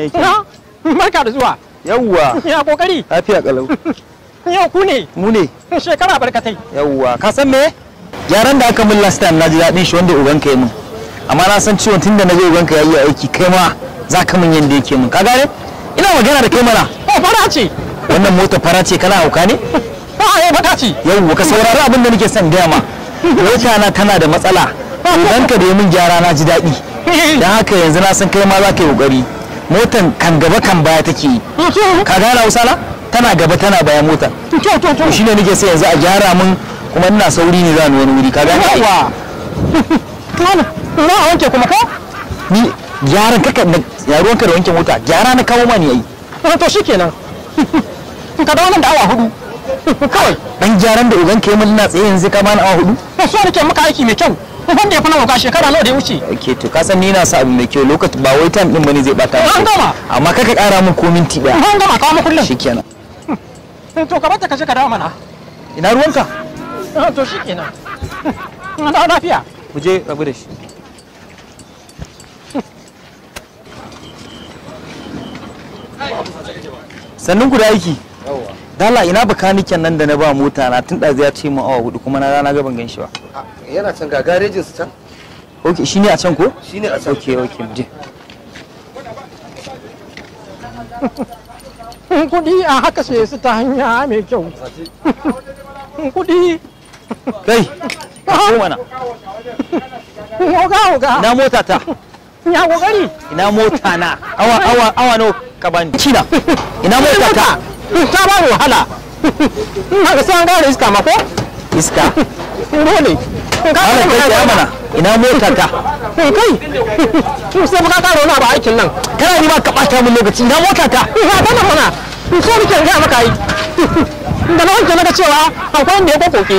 ne yake barka da zuwa yawwa ya kokari lafiya kalau yau ku ne mu ne shekara barkatai yawwa ka san me gyaran da aka min last time na ji daɗin shi wanda uban ka yi min amma na san ciwon tunda na je uban ka yi aiki kai ma za ka min yanda yake min ka gane ina magana da kai mana oh fara ce wannan mota fara ce kana hauka ne a ya baka ce yawwa ka saurari abin da nake son gaya ma mota na tana da matsala ubanka da ya min gyara na ji daɗi don haka yanzu na san kai ma za ka yi ƙoƙari motan kan gaba kan baya take yi ka gane hausa na tana gaba tana baya mota to ne nake sai yanzu a gyara mun kuma ina sauri ne za ni wani wuri ka gane yawa kana ina a wanke kuma ka ni gyaran kaka yaruwan ka da wanke mota gyara na kawo ma ni ai eh, to kenan. ka dawo nan da awa hudu kawai dan gyaran da ugan kai mun na tsaye yanzu ka bani awa hudu to so nake maka aiki mai kyau wanda ya kuna wauka shekara nawa da ya wuce okay to ka san ni na sa abu mai kyau lokaci ba wai time din bane zai bata an gama amma kaka kara min ko minti daya an gama kawo mu kullun shikenan hmm. to ka bata ka je ka dawo mana ina ruwanka ah, to shikenan hmm, na lafiya mu je rabu da shi hmm. sannan ku da aiki yawwa dala ina bakaniken nan da na ba mota na tun ɗazu ya ce mu awa hudu kuma na rana gaban gan shi ba yana can ga garejin su can ok shine a can ko shine a can ok ok je kudi a haka sai su ta hanya mai kyau kudi kai ko mana oga oga na mota ta ya kokari ina mota na awa awa awa no ka bani kina ina mota ta ta ba wahala haka sai an gara iska ma ko iska dole ana kai ki amana ina mota ta. Eh, kai sai baka karo na ba aikin nan kana ni ba ka bata min lokaci ina motar ka ba ta eh, na mana so muke ga maka yi da na wanke maka cewa akwai wanda ya kokoke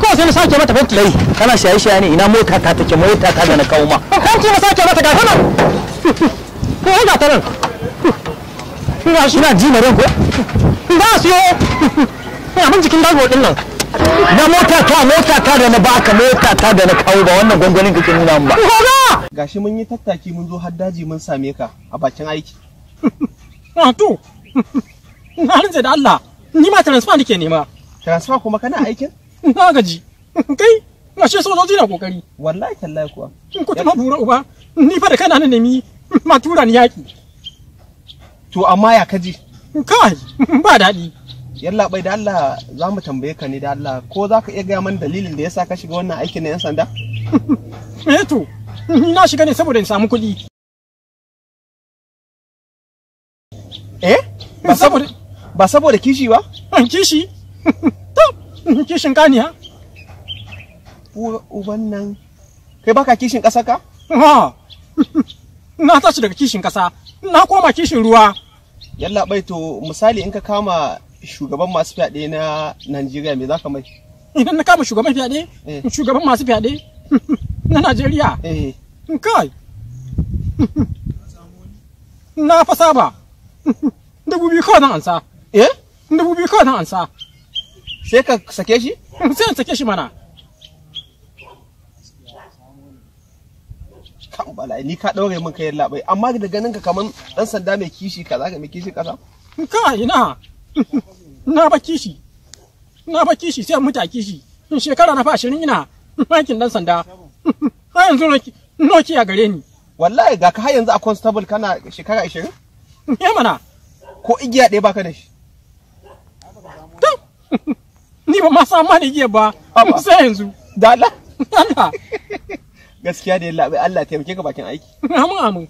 ko sai na sake mata fenti kai kana shaye shaye ne ina mota ta take mota ta da na kawo ma ko eh, ki na sake mata ga kana ko ga ta nan ina shi na ji na ranko ba su yo ina mun cikin dago din nan na mota ta mota ta da na baka mota ta da na kawo ba wannan gwangwanin kake nuna mun ba gashi mun yi tattaki mun zo haddaji mun same ka a bakin aiki a ah, to na rinje da Allah ni ma transfer nake nema transfer kuma kana aikin na gaji kai na shi sojoji na kokari wallahi tallahi kuwa ku ta ma bura uba ni fa da kana ne nemi ma tura ni yaki to amma ya kaji kai ba daɗi yalla bai da Allah za mu tambaye ka ne da Allah ko za ka iya gaya mani dalilin da yasa ka shiga wannan aikin na 'yan sanda eh to na shiga ne saboda in samu kuɗi eh ba saboda ba saboda kishi ba ah, kishi to kishin kaniya uban nan kai baka kishin ƙasa ka? na tashi daga kishin ƙasa na koma kishin ruwa yalla bai to misali in ka kama shugaban masu fyaɗe na Najeriya me zaka mai idan na kama shugaban fyaɗe eh. shugaban masu fyaɗe na Najeriya eh. hmm, kai na fa saba dubu biyu kawai nan ansa eh dubu biyu kawai nan ansa sai ka sake shi sai ka sake shi mana kan bala ni ka ɗaure min kai labai amma da ganin ka kaman dan sanda mai kishi kaza ka mai kishi kaza ka ina na ba kishi na ba kishi sai muta kishi shekara na fa 20 ina makin ɗan sanda ha yanzu noki a gare ni wallahi ga ka har yanzu a constable kana shekara ashirin? ya eh, mana ko igiya ɗaya baka da shi ni ba ma samu igiya ba sai yanzu da Allah gaskiya da yallaɓai Allah taimake ka bakin aiki amin amin